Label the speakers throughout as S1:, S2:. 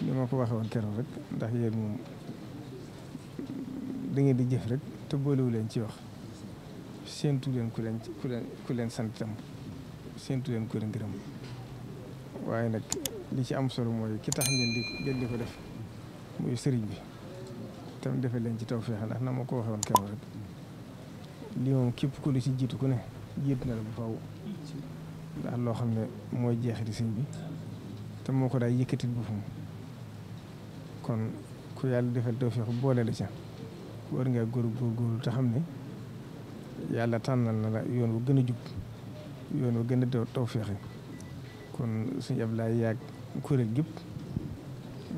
S1: li ma ko waxee woon keroog rek ndax yéen moom da ngeen di jëf rek te boolewu leen ci wax séentu leen ku leen ku leen ku leen sant tam séentu leen ku leen gërëm waaye nag li ci am solo mooy ki tax ngeen di ngeen di ko def muy sëriñ bi tam defe leen ci tawfeex ndax na ma ko waxee woon keroog rek li moom képp ku lu ci jiitu ko ne jiitu na la bu faw ndax loo xam ne mooy jeexati sëñ bi te moo ko daay yëkkatit boppam kon ku yàlla defal tawfeex boole la ca war ngaa góor góorgóorlu te xam ne yàlla tànnal na la yoon wu gën a jub yoon wu gën a tawfeexe kon suñu Ablaay yaag kuréel gépp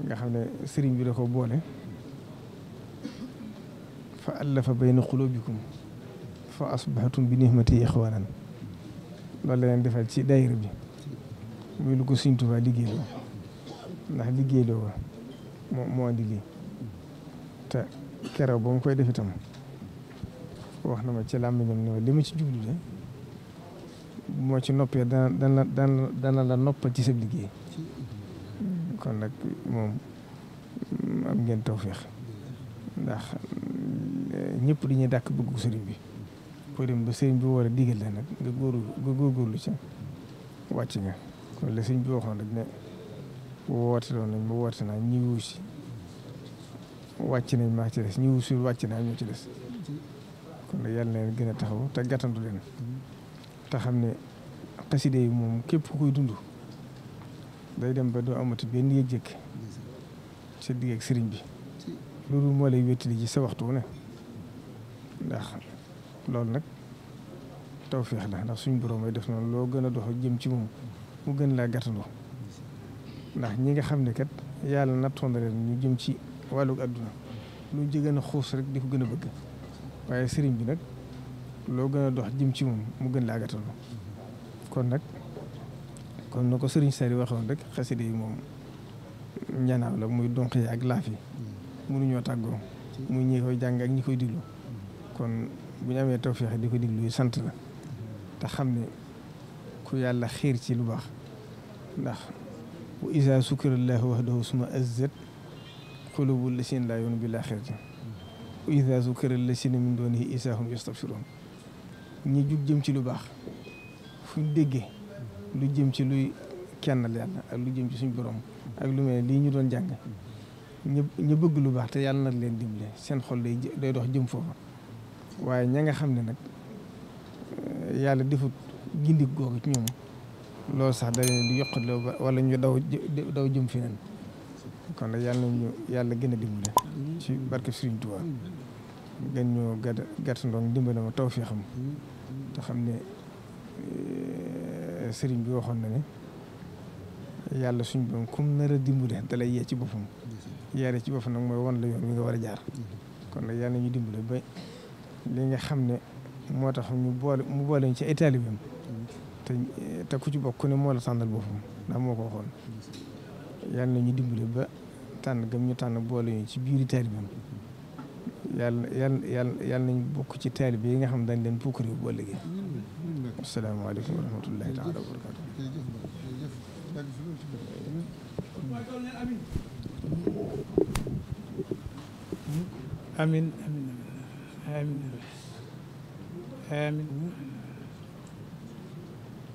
S1: nga xam ne sëriñ bi da ko boole fa allafa bayna qulubikum fa asbahatum bi nihmati ixwanan loolu la leen defal ci daayira bi muy lu ko Sëriñ Tuubaa liggéey ndax liggéey loo moo moo di lii te keroog ba mu koy def itam wax na ma ci làmmiñam ne li ma ci jublu de moo ci noppee dana dana dana la noppal ci sa liggéey kon nag moom am ngeen tawféex ndax ñëpp dañuy dàkk bëggu sëriñ bi ko dem ba sëriñ bi war a digal la nag nga góor nga góorgóorlu wàcc nga kon la sëriñ bi waxoon rek ne woote loon nañ ma woote naa ñi wuusi wàcc nañ maa ci des ñi wuusul wàcc naa ñoo ci des kon nag yàlla na gën a taxaw te gàttandu leen te xam ne xaside yi moom képp ku koy dund day dem ba doo amati benn yëg-yëg sa digg ak sëriñ bi loolu moo lay wéttali ji sa waxtu ne ndax loolu nag tawfeex la ndax suñu borom ay def noonu loo gën a dox jëm ci moom mu gën laa gàttandu ndax ñi nga xam ne kat yàlla nattoon na leen ñu jëm ci wàllug àdduna lu ci gën a xuus rek di ko gën a bëgg waaye sëriñ bi nag loo gën a dox jëm ci moom mu gën la agatal kon nag kon na ko sëriñ Sary waxoon rek xaside yi moom ñanaaw la muy donq yi ak laaf yi mënuñoo tàggoo muy ñi koy jàng ak ñi koy diglu kon bu ñu amee tawféex di ko diglu sant na te xam ne ku yàlla xiir ci lu baax ndax wa isa sukirallaahu wahdahu suma azzat qulubu lasina laa yu'minu bil axirati wa isa sukira lasina min doonihi isa hum yastabsiroon ñi jug jëm ci lu baax fu ñu déggee lu jëm ci luy kenn yàlla ak lu jëm ci suñu borom ak lu mel lii ñu doon jàng ñu ñu bëgg lu baax te yàlla na leen dimbale seen xol day day dox jëm foofa waaye ña nga xam ne nag eh, yàlla defut gindik googu ci ñoom loolu sax day du yokk wala ñu daw daw jëm feneen kon nag yàlla yàlla gën a dimbale ci barke Sëriñ Tuubaa gën ñoo gàtt gàtt ndoom dimbale ma taw fi xam te xam ne eh, sëriñ bi waxoon na ne yàlla suñ boom kum nar a dimbale da lay yee ci boppam yaare ci boppam nag mooy wan la yoon wi nga war a jaar kon nag yàlla ñu dimbale ba li nga xam ne moo tax mu boole mu boole ñu ci ay taalibeem te te ku ci bokk ku ne moo la tànnal boppam moo ko waxoon yàlla na ñu dimbali ba tànn gëm ñu tànn boole ñu ci biiri taalibeem yàlla yàlla yàlla yàlla nañ bokk ci taalibe yi nga xam dañ leen pukkari bu ëllëgee. asalaamaaleykum wa rahmatullahi taala wa barakaatu. amin amin amin amin